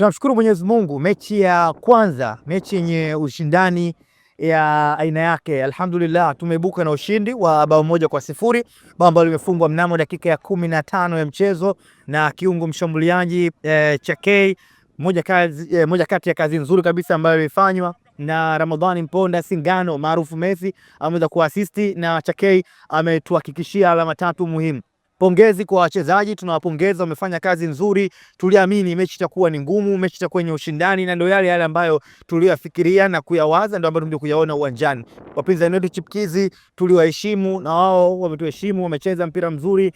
Tunamshukuru Mwenyezi Mungu, mechi ya kwanza, mechi yenye ushindani ya aina yake, alhamdulillah tumeibuka na ushindi wa bao moja kwa sifuri, bao ambalo limefungwa mnamo dakika ya kumi na tano ya mchezo na kiungo mshambuliaji eh, Chakei. Moja, kazi, eh, moja kati ya kazi nzuri kabisa ambayo imefanywa na Ramadhani Mponda Singano maarufu Messi, ameweza kuassist na Chakei ametuhakikishia alama tatu muhimu. Pongezi kwa wachezaji, tunawapongeza, wamefanya kazi nzuri. Tuliamini mechi itakuwa ni ngumu, mechi itakuwa yenye ushindani, na ndio yale yale ambayo tuliyafikiria na kuyawaza, ndio ambayo kuyaona uwanjani. Wapinzani wetu chipkizi tuliwaheshimu, na wao wametuheshimu, wamecheza mpira mzuri,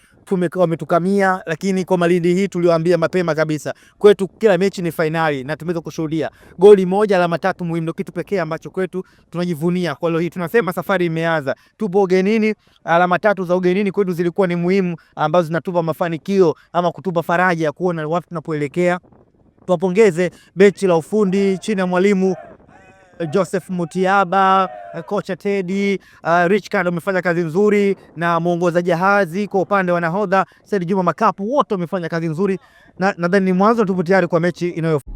wametukamia. Lakini kwa Malindi hii tuliwaambia mapema kabisa, kwetu kila mechi ni fainali, na tumeweza kushuhudia goli moja, alama tatu muhimu, kitu pekee ambacho kwetu tunajivunia kwa leo hii. Tunasema safari imeanza, tupo ugenini, alama tatu za ugenini kwetu zilikuwa ni muhimu ambazo zinatupa mafanikio ama kutupa faraja ya kuona wapi tunapoelekea. Tuwapongeze benchi la ufundi chini ya mwalimu eh, Joseph Mutiaba, eh, kocha Teddy, uh, eh, Richard amefanya kazi nzuri na mwongoza jahazi kwa upande wa nahodha Said Juma Makapu, wote wamefanya kazi nzuri na nadhani ni mwanzo tupo tayari kwa mechi inayofuata.